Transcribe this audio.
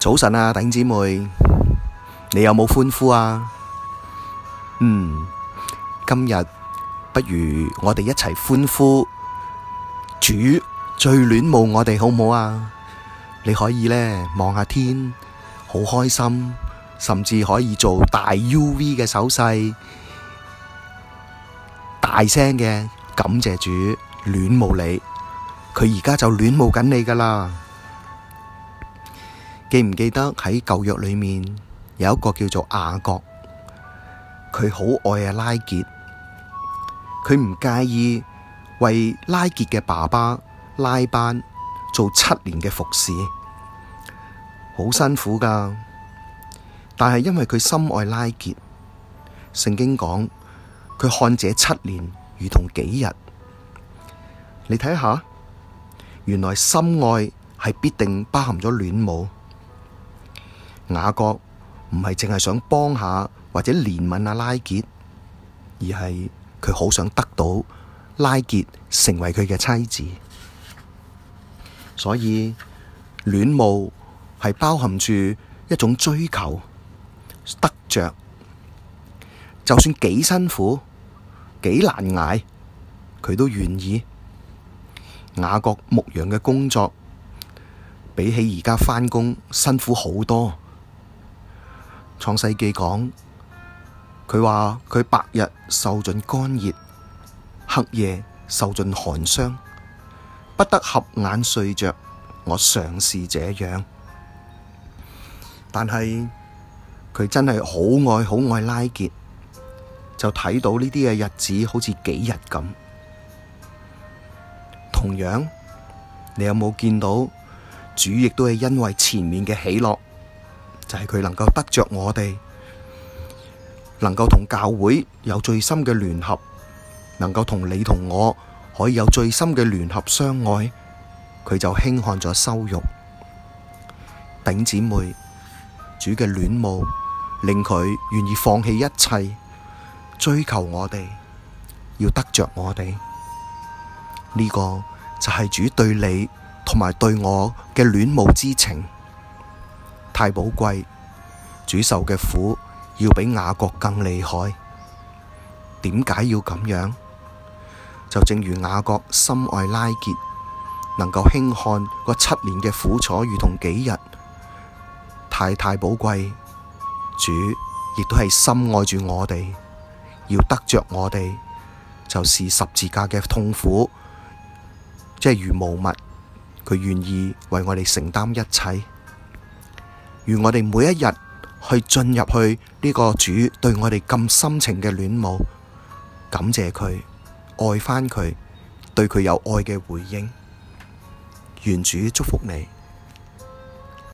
早晨啊，弟兄姊妹，你有冇歡呼啊？嗯，今日不如我哋一齊歡呼主最戀慕我哋，好唔好啊？你可以咧望下天，好開心，甚至可以做大 UV 嘅手勢，大聲嘅感謝主戀慕你，佢而家就戀慕緊你噶啦。記唔記得喺舊約裏面有一個叫做雅各，佢好愛阿、啊、拉結，佢唔介意為拉結嘅爸爸拉班做七年嘅服侍，好辛苦噶但係因為佢深愛拉結，聖經講佢看這七年如同幾日，你睇下，原來深愛係必定包含咗戀慕。雅各唔係淨係想幫下或者憐憫下拉杰，而係佢好想得到拉杰成為佢嘅妻子，所以戀慕係包含住一種追求得着，就算幾辛苦幾難捱，佢都願意。雅各牧羊嘅工作比起而家返工辛苦好多。創世紀講，佢話佢白日受盡乾熱，黑夜受盡寒霜，不得合眼睡着。我嘗試這樣，但係佢真係好愛好愛拉結，就睇到呢啲嘅日子好似幾日咁。同樣，你有冇見到主亦都係因為前面嘅喜樂？就係佢能夠得着我哋，能夠同教會有最深嘅聯合，能夠同你同我，可以有最深嘅聯合相愛，佢就輕看咗羞辱。頂姊妹，主嘅戀慕令佢願意放棄一切，追求我哋，要得着我哋。呢個就係主對你同埋對我嘅戀慕之情。太寶貴，主受嘅苦要比雅各更厲害。點解要咁樣？就正如雅各深愛拉結，能夠輕看嗰七年嘅苦楚，如同幾日。太太寶貴，主亦都係深愛住我哋，要得着我哋，就是十字架嘅痛苦，即係如無物，佢願意為我哋承擔一切。如我哋每一日去進入去呢個主對我哋咁深情嘅戀慕，感謝佢愛返佢，對佢有愛嘅回應，願主祝福你。